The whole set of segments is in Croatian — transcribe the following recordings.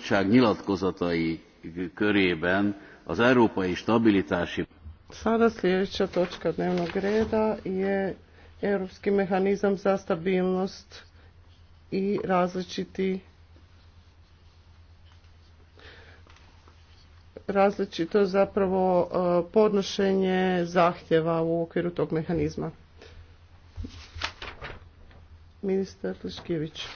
bizottság nyilatkozatai körében az európai stabilitási Sada sljedeća točka dnevnog reda je Europski mehanizam za stabilnost i različiti različito zapravo e, podnošenje zahtjeva u okviru tog mehanizma. Ministar Liškević.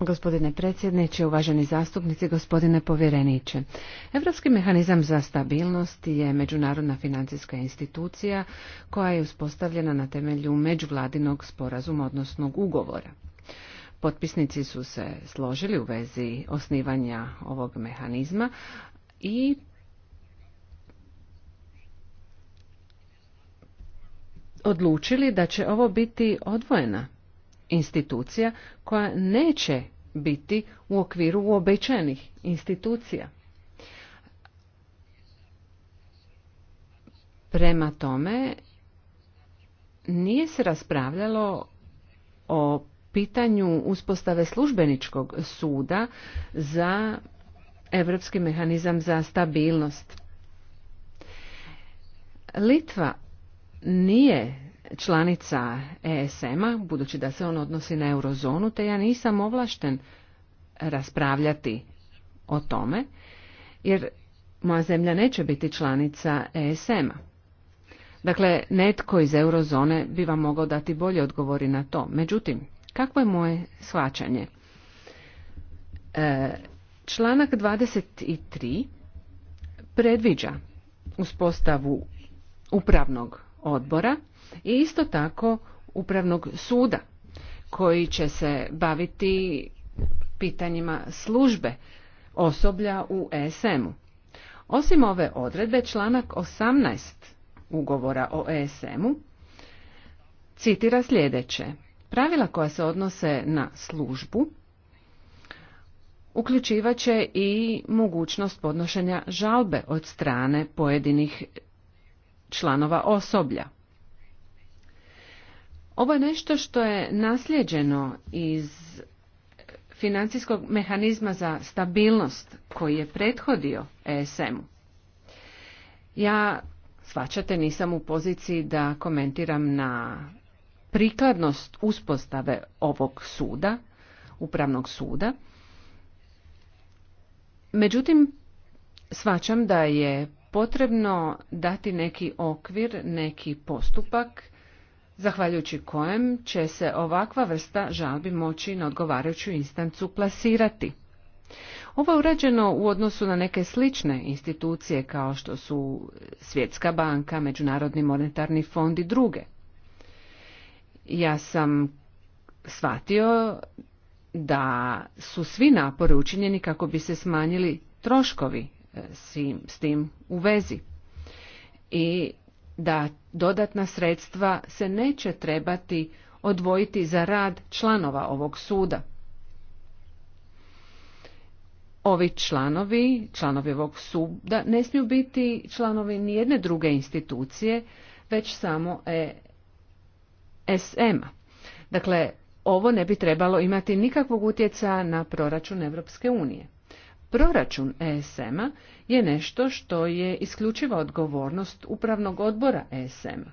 Gospodine predsjedniče, uvaženi zastupnici, gospodine povjereniče. Europski mehanizam za stabilnost je međunarodna financijska institucija koja je uspostavljena na temelju međuvladinog sporazuma, odnosno ugovora. Potpisnici su se složili u vezi osnivanja ovog mehanizma i odlučili da će ovo biti odvojena institucija koja neće biti u okviru uobičajenih institucija. Prema tome, nije se raspravljalo o pitanju uspostave službeničkog suda za Evropski mehanizam za stabilnost. Litva nije članica ESM-a, budući da se on odnosi na eurozonu, te ja nisam ovlašten raspravljati o tome, jer moja zemlja neće biti članica ESM-a. Dakle, netko iz eurozone bi vam mogao dati bolje odgovori na to. Međutim, kakvo je moje shvaćanje? E, članak 23 predviđa uspostavu upravnog odbora i isto tako upravnog suda koji će se baviti pitanjima službe osoblja u ESM-u. Osim ove odredbe, članak 18 ugovora o ESM-u citira sljedeće. Pravila koja se odnose na službu uključivaće i mogućnost podnošenja žalbe od strane pojedinih članova osoblja. Ovo je nešto što je nasljeđeno iz financijskog mehanizma za stabilnost koji je prethodio ESM-u. Ja, svačate, nisam u poziciji da komentiram na prikladnost uspostave ovog suda, upravnog suda. Međutim, svačam da je potrebno dati neki okvir, neki postupak zahvaljujući kojem će se ovakva vrsta žalbi moći na odgovarajuću instancu plasirati. Ovo je urađeno u odnosu na neke slične institucije kao što su Svjetska banka, Međunarodni monetarni fond i druge. Ja sam shvatio da su svi napori učinjeni kako bi se smanjili troškovi eh, s tim u vezi. I da dodatna sredstva se neće trebati odvojiti za rad članova ovog suda. Ovi članovi, članovi ovog suda, ne smiju biti članovi nijedne druge institucije, već samo e SM-a. Dakle, ovo ne bi trebalo imati nikakvog utjecaja na proračun Europske unije. Proračun ESM-a je nešto što je isključiva odgovornost upravnog odbora ESM-a,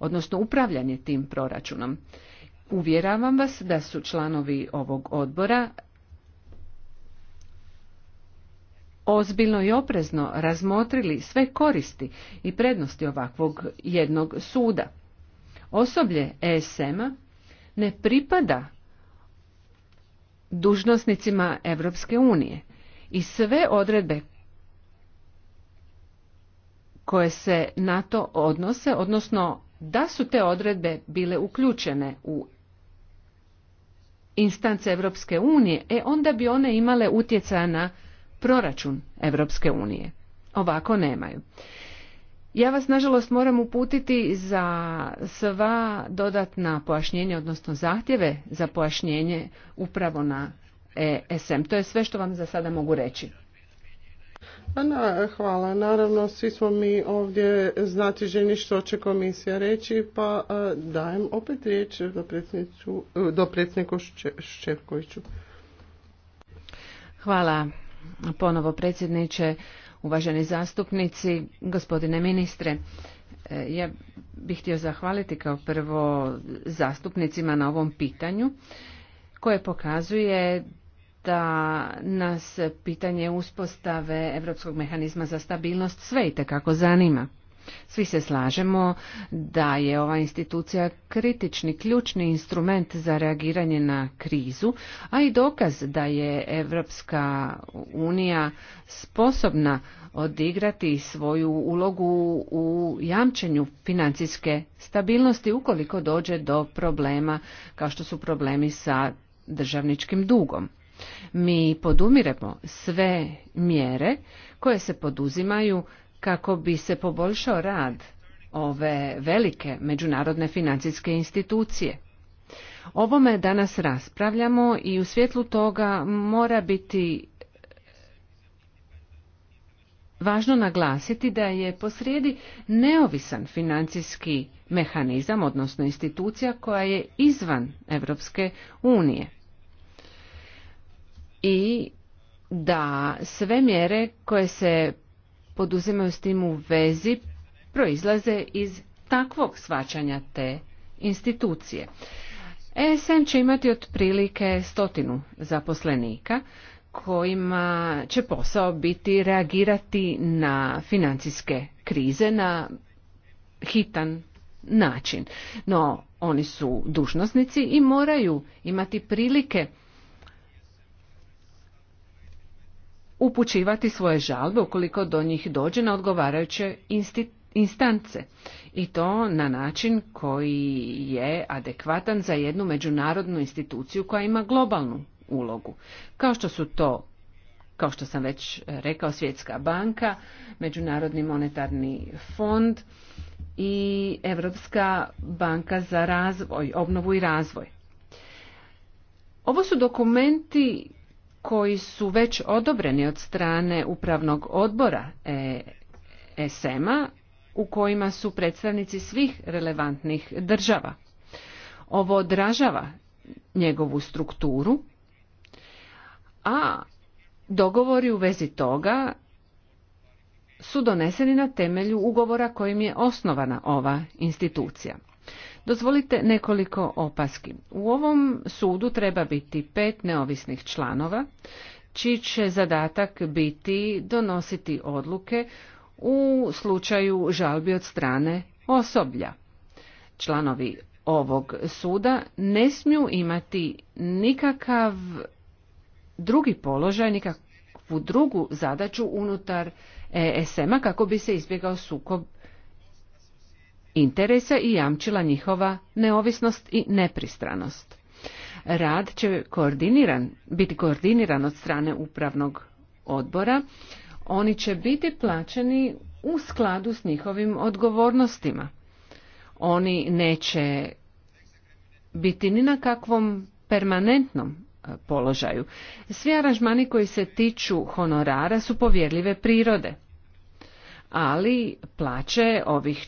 odnosno upravljanje tim proračunom. Uvjeravam vas da su članovi ovog odbora ozbiljno i oprezno razmotrili sve koristi i prednosti ovakvog jednog suda. Osoblje ESM-a ne pripada dužnosnicima Europske unije i sve odredbe koje se na to odnose, odnosno da su te odredbe bile uključene u instance Europske unije, e onda bi one imale utjecaja na proračun Europske unije. Ovako nemaju. Ja vas nažalost moram uputiti za sva dodatna pojašnjenja, odnosno zahtjeve za pojašnjenje upravo na ESM. To je sve što vam za sada mogu reći. hvala. Naravno, svi smo mi ovdje znati ženi što će komisija reći, pa e, dajem opet riječ do e, predsjedniku Ščepkoviću. Hvala ponovo predsjedniče, uvaženi zastupnici, gospodine ministre. E, ja bih htio zahvaliti kao prvo zastupnicima na ovom pitanju koje pokazuje da nas pitanje uspostave Europskog mehanizma za stabilnost sve i tekako zanima. Svi se slažemo da je ova institucija kritični, ključni instrument za reagiranje na krizu, a i dokaz da je Evropska unija sposobna odigrati svoju ulogu u jamčenju financijske stabilnosti ukoliko dođe do problema kao što su problemi sa državničkim dugom. Mi podumiremo sve mjere koje se poduzimaju kako bi se poboljšao rad ove velike međunarodne financijske institucije. Ovome danas raspravljamo i u svjetlu toga mora biti e, važno naglasiti da je posrijedi neovisan financijski mehanizam, odnosno institucija koja je izvan Europske unije i da sve mjere koje se poduzimaju s tim u vezi proizlaze iz takvog svačanja te institucije. ESM će imati otprilike stotinu zaposlenika kojima će posao biti reagirati na financijske krize na hitan način. No, oni su dužnosnici i moraju imati prilike upućivati svoje žalbe ukoliko do njih dođe na odgovarajuće instance i to na način koji je adekvatan za jednu međunarodnu instituciju koja ima globalnu ulogu. Kao što su to kao što sam već rekao, Svjetska banka, Međunarodni monetarni fond i Europska banka za razvoj, obnovu i razvoj. Ovo su dokumenti koji su već odobreni od strane upravnog odbora ESM-a u kojima su predstavnici svih relevantnih država. Ovo odražava njegovu strukturu, a dogovori u vezi toga su doneseni na temelju ugovora kojim je osnovana ova institucija. Dozvolite nekoliko opaski. U ovom sudu treba biti pet neovisnih članova, čiji će zadatak biti donositi odluke u slučaju žalbi od strane osoblja. Članovi ovog suda ne smiju imati nikakav drugi položaj, nikakvu drugu zadaću unutar ESM-a kako bi se izbjegao sukob interesa i jamčila njihova neovisnost i nepristranost. Rad će koordiniran, biti koordiniran od strane upravnog odbora. Oni će biti plaćeni u skladu s njihovim odgovornostima. Oni neće biti ni na kakvom permanentnom e, položaju. Svi aranžmani koji se tiču honorara su povjerljive prirode, ali plaće ovih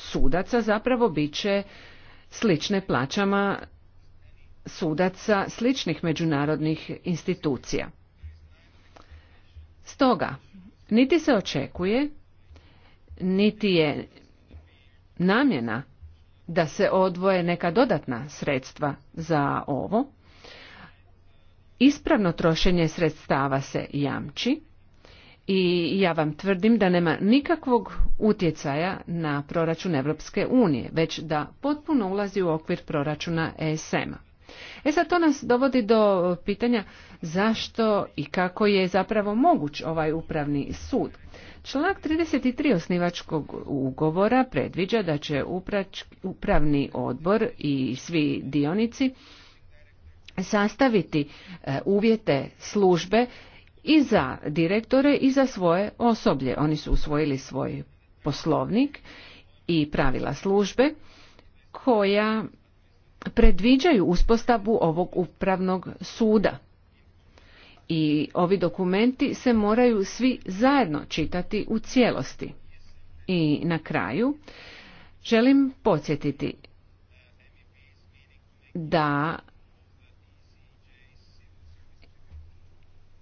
sudaca zapravo bit će slične plaćama sudaca sličnih međunarodnih institucija. Stoga, niti se očekuje, niti je namjena da se odvoje neka dodatna sredstva za ovo. Ispravno trošenje sredstava se jamči i ja vam tvrdim da nema nikakvog utjecaja na proračun Europske unije, već da potpuno ulazi u okvir proračuna ESM-a. E sad to nas dovodi do pitanja zašto i kako je zapravo moguć ovaj upravni sud. Članak 33 osnivačkog ugovora predviđa da će upravni odbor i svi dionici sastaviti e, uvjete službe i za direktore i za svoje osoblje. Oni su usvojili svoj poslovnik i pravila službe koja predviđaju uspostavu ovog upravnog suda. I ovi dokumenti se moraju svi zajedno čitati u cijelosti. I na kraju želim podsjetiti da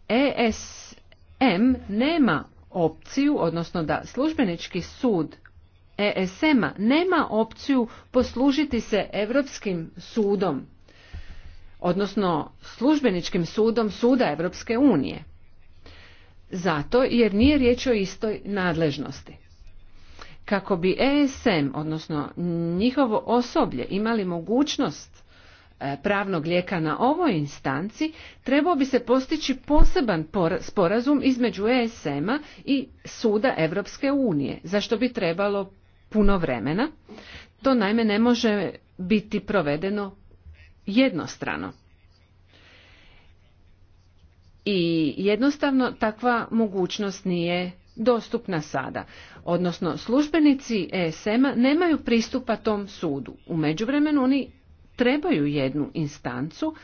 ESM nema opciju, odnosno da službenički sud ESM-a nema opciju poslužiti se Europskim sudom, odnosno službeničkim sudom suda Europske unije. Zato jer nije riječ o istoj nadležnosti. Kako bi ESM, odnosno njihovo osoblje, imali mogućnost E, pravnog lijeka na ovoj instanci, trebao bi se postići poseban sporazum između ESM-a i Suda Europske unije, za bi trebalo puno vremena. To naime ne može biti provedeno jednostrano. I jednostavno takva mogućnost nije dostupna sada, odnosno službenici ESM-a nemaju pristupa tom sudu. U međuvremenu oni trebaju jednu instancu,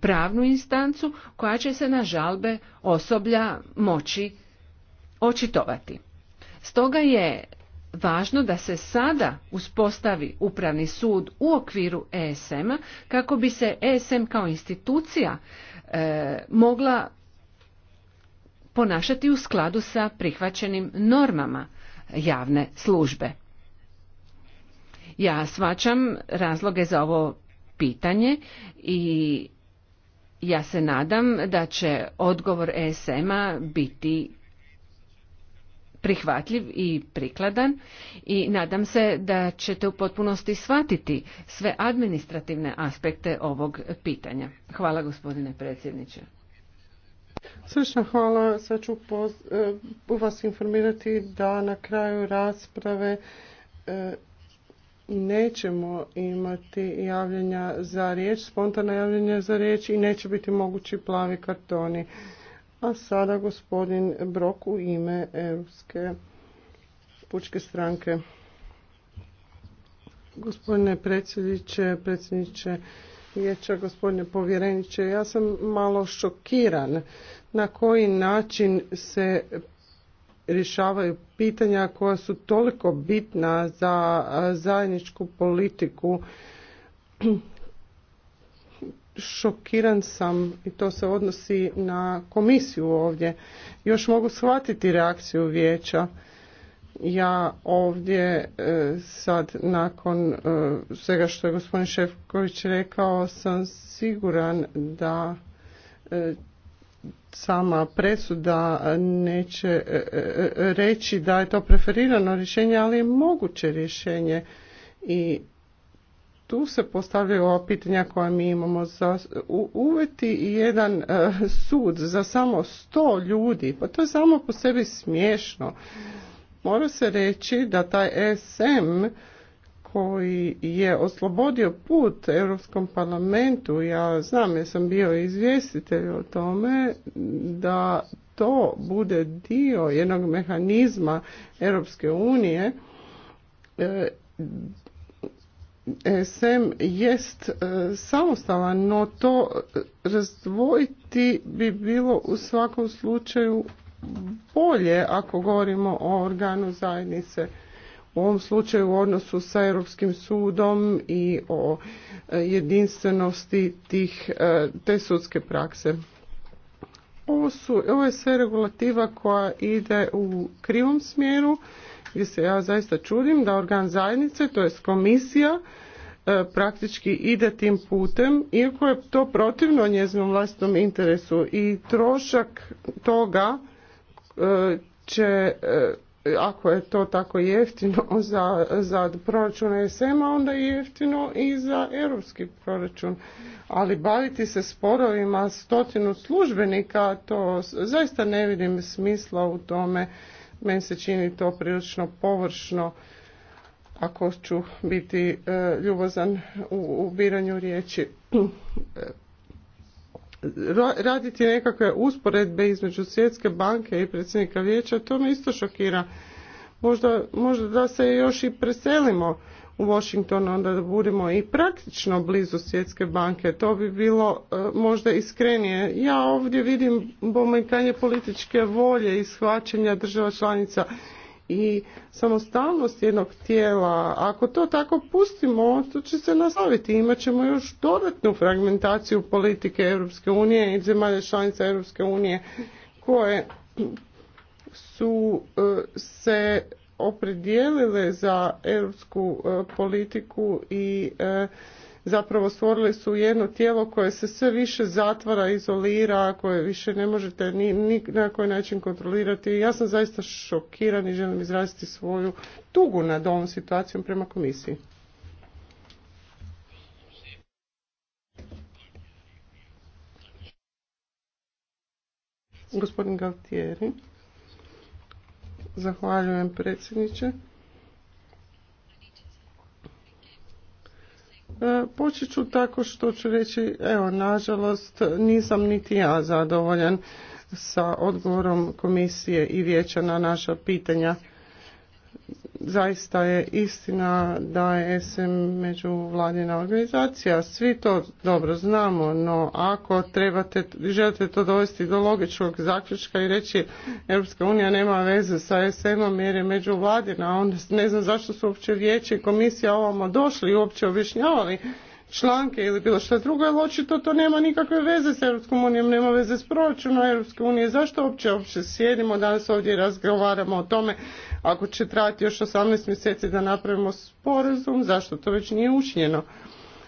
pravnu instancu koja će se na žalbe osoblja moći očitovati. Stoga je važno da se sada uspostavi upravni sud u okviru ESM-a kako bi se ESM kao institucija e, mogla ponašati u skladu sa prihvaćenim normama javne službe. Ja svačam razloge za ovo pitanje i ja se nadam da će odgovor ESM-a biti prihvatljiv i prikladan i nadam se da ćete u potpunosti shvatiti sve administrativne aspekte ovog pitanja. Hvala gospodine predsjedniče. Srčno hvala. Sad ću eh, vas informirati da na kraju rasprave eh, nećemo imati javljanja za riječ, spontana javljanja za riječ i neće biti mogući plavi kartoni. A sada gospodin Brok u ime Europske pučke stranke. Gospodine predsjedniče, predsjedniče vijeća, gospodine povjereniče, ja sam malo šokiran na koji način se rješavaju pitanja koja su toliko bitna za zajedničku politiku. Šokiran sam i to se odnosi na komisiju ovdje. Još mogu shvatiti reakciju vijeća. Ja ovdje e, sad nakon e, svega što je gospodin Šefković rekao sam siguran da e, sama presuda neće e, e, e, reći da je to preferirano rješenje, ali je moguće rješenje i tu se postavljaju ova pitanja koja mi imamo za uveti jedan sud za samo sto ljudi, pa to je samo po sebi smiješno. Mora se reći da taj SM koji je oslobodio put Europskom parlamentu, ja znam jer sam bio izvjestitelj o tome, da to bude dio jednog mehanizma Europske unije, e, SM jest e, samostalan, no to razdvojiti bi bilo u svakom slučaju bolje ako govorimo o organu zajednice u ovom slučaju u odnosu sa Europskim sudom i o e, jedinstvenosti tih, e, te sudske prakse. Ovo, su, ovo je sve regulativa koja ide u krivom smjeru gdje se ja zaista čudim da organ zajednice, to je komisija, e, praktički ide tim putem, iako je to protivno njezinom vlastnom interesu i trošak toga će ako je to tako jeftino za, za proračun SM-a, onda je jeftino i za europski proračun. Ali baviti se sporovima stotinu službenika, to zaista ne vidim smisla u tome. Meni se čini to prilično površno ako ću biti e, ljubozan u, u biranju riječi. raditi nekakve usporedbe između svjetske banke i predsjednika vijeća, to me isto šokira. Možda, možda da se još i preselimo u Washington, onda da budemo i praktično blizu svjetske banke. To bi bilo e, možda iskrenije. Ja ovdje vidim pomanjkanje političke volje i shvaćanja država članica i samostalnost jednog tijela, ako to tako pustimo, to će se nastaviti. Imaćemo još dodatnu fragmentaciju politike Europske unije i zemalja članica Europske unije koje su e, se opredijelile za europsku e, politiku i e, zapravo stvorili su jedno tijelo koje se sve više zatvara, izolira, koje više ne možete ni, na koji način kontrolirati. Ja sam zaista šokiran i želim izraziti svoju tugu nad ovom situacijom prema komisiji. Gospodin Galtieri. Zahvaljujem predsjedniče. E, počet ću tako što ću reći, evo, nažalost, nisam niti ja zadovoljan sa odgovorom komisije i vijeća na naša pitanja zaista je istina da je među međuvladina organizacija. Svi to dobro znamo, no ako trebate, želite to dovesti do logičnog zaključka i reći Europska unija nema veze sa sm om jer je međuvladina, onda ne znam zašto su uopće vijeće i komisija ovamo došli i uopće objašnjavali članke ili bilo što drugo, jer očito to nema nikakve veze s EU, nema veze s proračunom EU, Zašto uopće, uopće sjedimo danas ovdje i razgovaramo o tome ako će trajati još 18 mjeseci da napravimo sporazum, zašto to već nije učinjeno?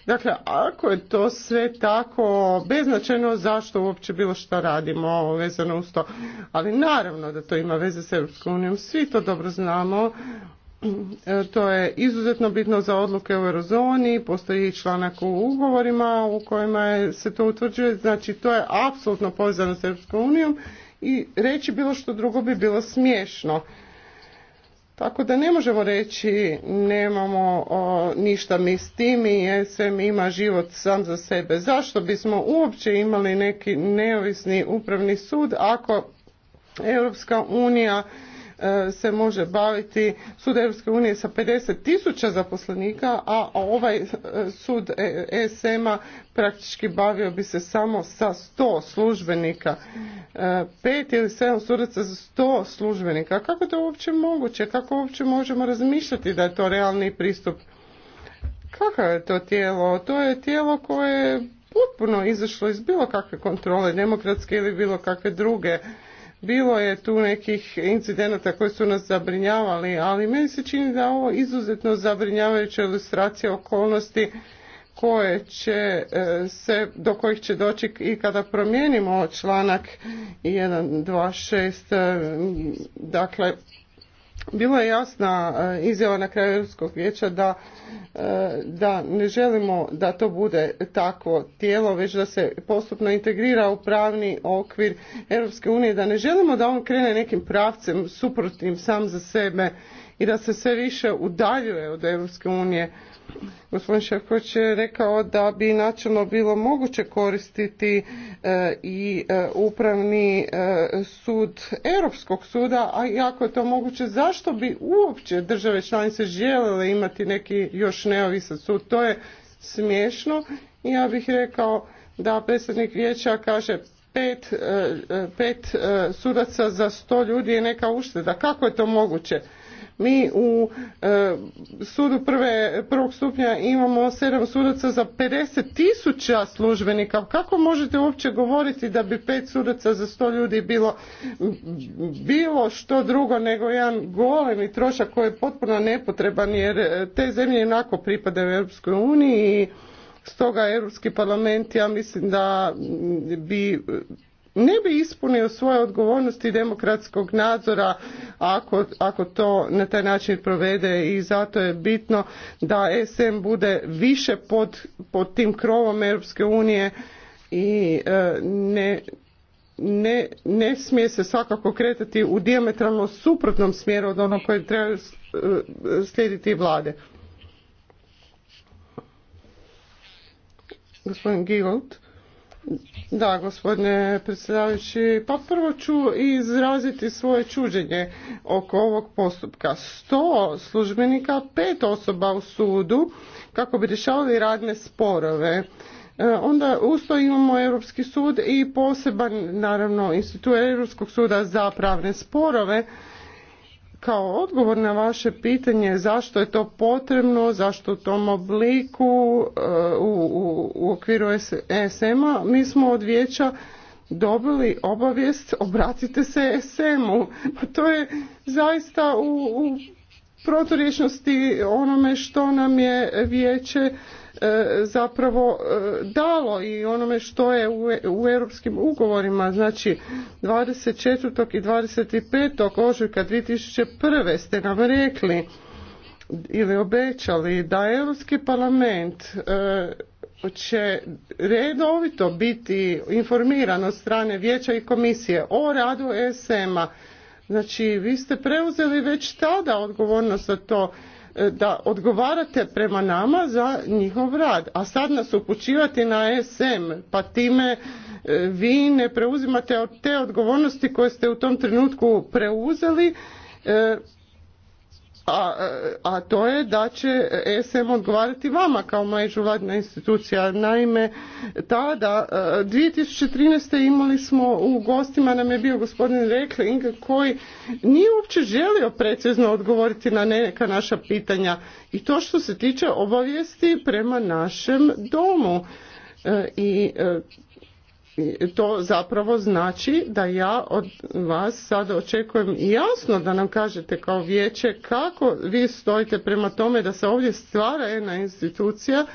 Dakle, ako je to sve tako beznačajno, zašto uopće bilo što radimo vezano uz to? Ali naravno da to ima veze s EU, unijom, svi to dobro znamo, E, to je izuzetno bitno za odluke u eurozoni, postoji članak u ugovorima u kojima se to utvrđuje, znači to je apsolutno povezano s Europskom unijom i reći bilo što drugo bi bilo smiješno. Tako da ne možemo reći nemamo ništa mi s tim i SM ima život sam za sebe. Zašto bismo uopće imali neki neovisni upravni sud ako Europska unija E, se može baviti sud Europske unije sa 50 tisuća zaposlenika, a ovaj e, sud ESM-a e praktički bavio bi se samo sa 100 službenika. pet ili sedam sudaca za 100 službenika. Kako to uopće moguće? Kako uopće možemo razmišljati da je to realni pristup? kakvo je to tijelo? To je tijelo koje je potpuno izašlo iz bilo kakve kontrole, demokratske ili bilo kakve druge bilo je tu nekih incidenata koji su nas zabrinjavali, ali meni se čini da je ovo izuzetno zabrinjavajuća ilustracija okolnosti koje će eh, se, do kojih će doći i kada promijenimo članak 1.2.6. Eh, dakle, bilo je jasna e, izjava na kraju Europskog vijeća da, e, da ne želimo da to bude takvo tijelo, već da se postupno integrira u pravni okvir Europske unije, da ne želimo da on krene nekim pravcem suprotnim sam za sebe i da se sve više udaljuje od Europske unije. Gospodin Šefković je rekao da bi načelno bilo moguće koristiti e, i e, upravni e, sud Europskog suda, a ako je to moguće, zašto bi uopće države članice željele imati neki još neovisan sud? To je smiješno. Ja bih rekao da predsjednik vijeća kaže pet, pet sudaca za sto ljudi je neka ušteda. Kako je to moguće? Mi u e, sudu prve, prvog stupnja imamo sedam sudaca za 50 tisuća službenika. Kako možete uopće govoriti da bi pet sudaca za sto ljudi bilo bilo što drugo nego jedan i trošak koji je potpuno nepotreban jer e, te zemlje jednako pripadaju Europskoj uniji i stoga Europski parlament ja mislim da bi ne bi ispunio svoje odgovornosti demokratskog nadzora ako, ako to na taj način provede i zato je bitno da SM bude više pod, pod tim krovom Europske unije i e, ne, ne, ne smije se svakako kretati u diametralno suprotnom smjeru od onog koje treba e, slijediti vlade. Gospodin Gigold. Da, gospodine predsjedavajući, pa prvo ću izraziti svoje čuđenje oko ovog postupka. Sto službenika, pet osoba u sudu kako bi rješavali radne sporove. E, onda usto imamo Europski sud i poseban, naravno, institut Europskog suda za pravne sporove. Kao odgovor na vaše pitanje zašto je to potrebno, zašto u tom obliku, e, u okviru ESM-a, mi smo od vijeća dobili obavijest obratite se ESM-u. Pa to je zaista u, u onome što nam je vijeće e, zapravo e, dalo i onome što je u europskim ugovorima znači 24. i 25. ožujka 2001. ste nam rekli ili obećali da Europski parlament e, će redovito biti informiran od strane vijeća i komisije o radu ESM-a. Znači, vi ste preuzeli već tada odgovornost za to e, da odgovarate prema nama za njihov rad, a sad nas upućivati na ESM, pa time e, vi ne preuzimate te odgovornosti koje ste u tom trenutku preuzeli e, a, to je da će e SM odgovarati vama kao međuvladna institucija. Naime, tada 2013. E, imali smo u gostima nam je bio gospodin Rekling koji nije uopće želio precizno odgovoriti na neka naša pitanja i to što se tiče obavijesti prema našem domu e, i to zapravo znači da ja od vas sada očekujem jasno da nam kažete kao vijeće kako vi stojite prema tome da se ovdje stvara jedna institucija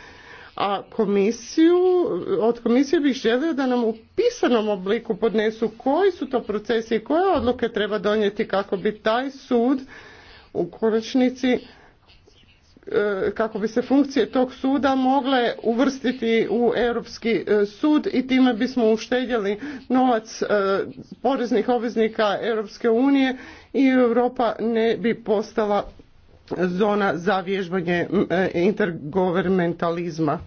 a komisiju, od komisije bih želio da nam u pisanom obliku podnesu koji su to procesi i koje odluke treba donijeti kako bi taj sud u konačnici E, kako bi se funkcije tog suda mogle uvrstiti u Europski e, sud i time bismo uštedjeli novac e, poreznih obveznika Europske unije i Europa ne bi postala zona za vježbanje intergovernmentalizma.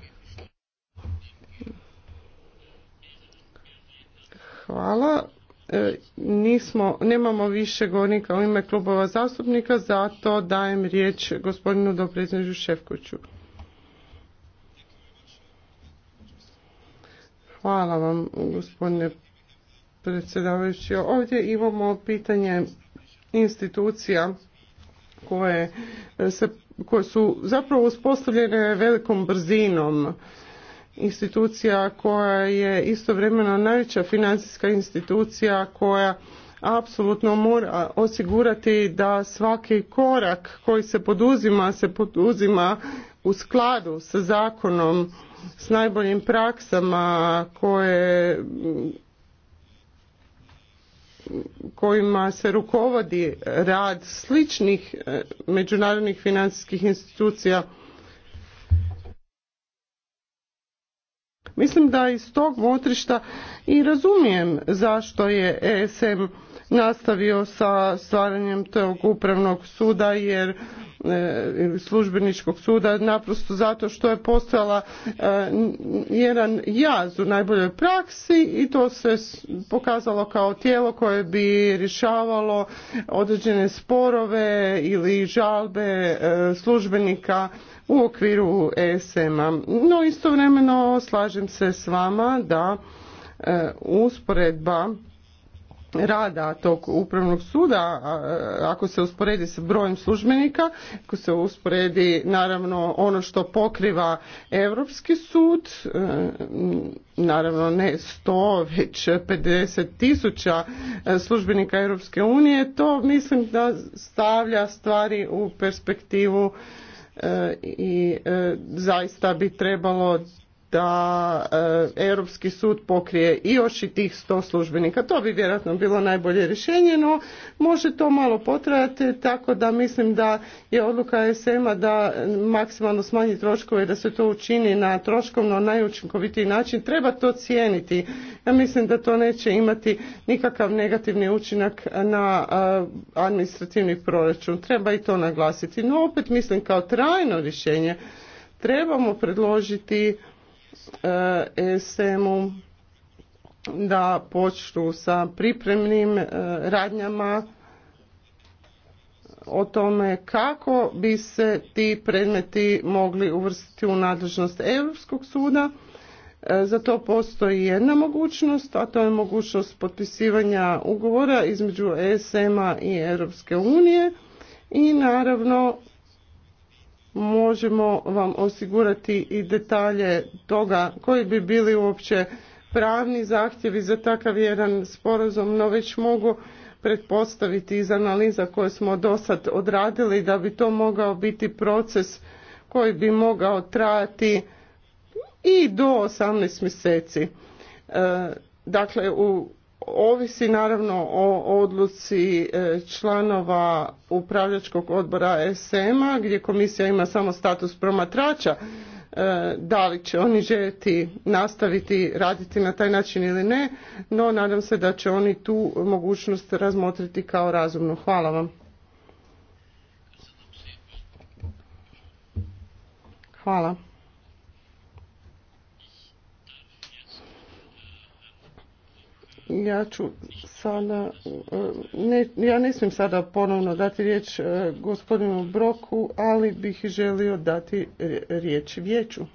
Hvala. E, nismo, nemamo više govornika u ime klubova zastupnika, zato dajem riječ gospodinu dopredsjedniku Šefkoću. Hvala vam, gospodine predsjedavajući. Ovdje imamo pitanje institucija koje, koje su zapravo uspostavljene velikom brzinom institucija koja je istovremeno najveća financijska institucija koja apsolutno mora osigurati da svaki korak koji se poduzima se poduzima u skladu sa zakonom s najboljim praksama koje kojima se rukovodi rad sličnih eh, međunarodnih financijskih institucija Mislim da iz tog motrišta i razumijem zašto je ESM nastavio sa stvaranjem tog upravnog suda jer e, službeničkog suda naprosto zato što je postojala e, jedan jaz u najboljoj praksi i to se pokazalo kao tijelo koje bi rješavalo određene sporove ili žalbe e, službenika u okviru ESM-a. No istovremeno slažem se s vama da e, usporedba rada tog upravnog suda, ako se usporedi s brojem službenika, ako se usporedi naravno ono što pokriva Europski sud, e, naravno ne 100, već 50 tisuća e, službenika Europske unije, to mislim da stavlja stvari u perspektivu i e, zaista bi trebalo da e, Europski sud pokrije i još i tih 100 službenika. To bi vjerojatno bilo najbolje rješenje, no može to malo potrajati, tako da mislim da je odluka sm da maksimalno smanji troškove, da se to učini na troškovno najučinkovitiji način. Treba to cijeniti. Ja mislim da to neće imati nikakav negativni učinak na e, administrativni proračun. Treba i to naglasiti. No opet mislim kao trajno rješenje trebamo predložiti ESM-u da počnu sa pripremnim e, radnjama o tome kako bi se ti predmeti mogli uvrstiti u nadležnost Europskog suda. E, za to postoji jedna mogućnost, a to je mogućnost potpisivanja ugovora između ESM-a i Europske unije i naravno možemo vam osigurati i detalje toga koji bi bili uopće pravni zahtjevi za takav jedan sporazum, no već mogu pretpostaviti iz analiza koje smo do sad odradili da bi to mogao biti proces koji bi mogao trajati i do 18 mjeseci. E, dakle, u ovisi naravno o odluci e, članova upravljačkog odbora SM-a gdje komisija ima samo status promatrača e, da li će oni željeti nastaviti raditi na taj način ili ne, no nadam se da će oni tu mogućnost razmotriti kao razumno. Hvala vam. Hvala. Ja ću sada, e, ja ne smijem sada ponovno dati riječ e, gospodinu Broku, ali bih želio dati riječ vijeću.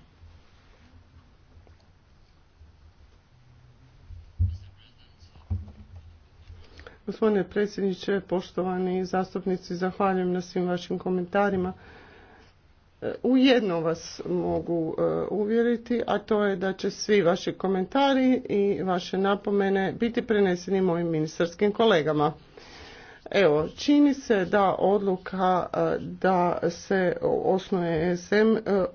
Gospodine predsjedniče, poštovani zastupnici, zahvaljujem na svim vašim komentarima. U jedno vas mogu e, uvjeriti, a to je da će svi vaši komentari i vaše napomene biti preneseni mojim ministarskim kolegama. Evo, čini se da odluka e, da se osnuje SM, e,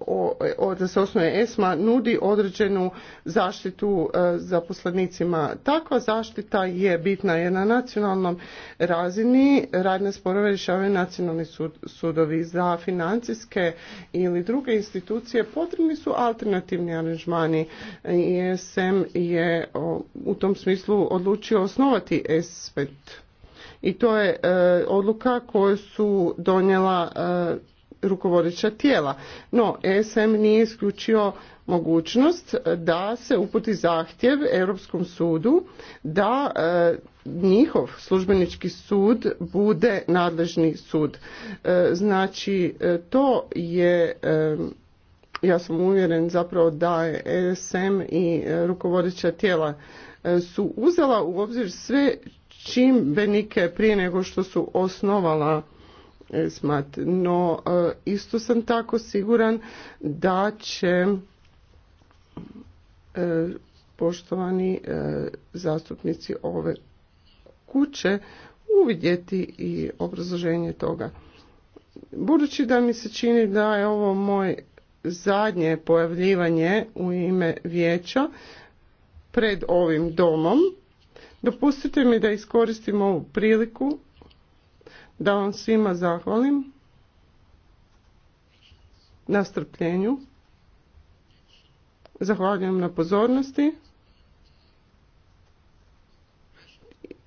da se osnuje ESMA nudi određenu zaštitu e, zaposlenicima. Takva zaštita je bitna jer na nacionalnom razini radne sporove rješavaju nacionalni sudovi za financijske ili druge institucije potrebni su alternativni aranžmani. i SM je u tom smislu odlučio osnovati ESPET i to je e, odluka koju su donijela e, rukovodeća tijela. No, ESM nije isključio mogućnost da se uputi zahtjev Europskom sudu da e, njihov službenički sud bude nadležni sud. Znači, to je ja sam uvjeren zapravo da je ESM i rukovodeća tijela su uzela u obzir sve čimbenike prije nego što su osnovala e, smat. No, e, isto sam tako siguran da će e, poštovani zastupnici ove kuće uvidjeti i obrazloženje toga. Budući da mi se čini da je ovo moj zadnje pojavljivanje u ime vijeća pred ovim domom, Dopustite mi da iskoristim ovu priliku da vam svima zahvalim na strpljenju. Zahvaljujem na pozornosti.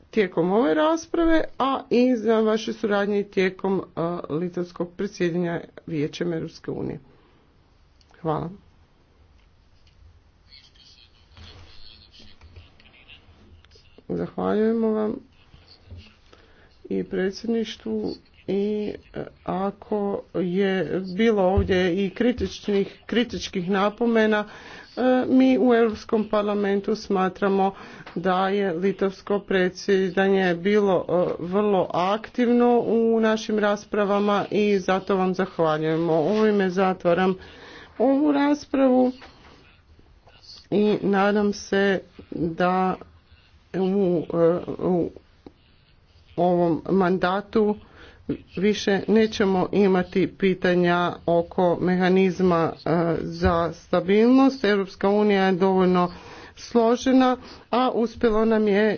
tijekom ove rasprave, a i za vaše suradnje tijekom litavskog predsjedanja Vijećem Europske unije. Hvala. Zahvaljujemo vam i predsjedništvu i e, ako je bilo ovdje i kritičnih, kritičkih napomena, e, mi u Europskom parlamentu smatramo da je litovsko predsjedanje bilo e, vrlo aktivno u našim raspravama i zato vam zahvaljujemo. Ovime zatvaram ovu raspravu i nadam se da E, u, ovom mandatu više nećemo imati pitanja oko mehanizma e, za stabilnost. Europska unija je dovoljno složena, a uspjelo nam je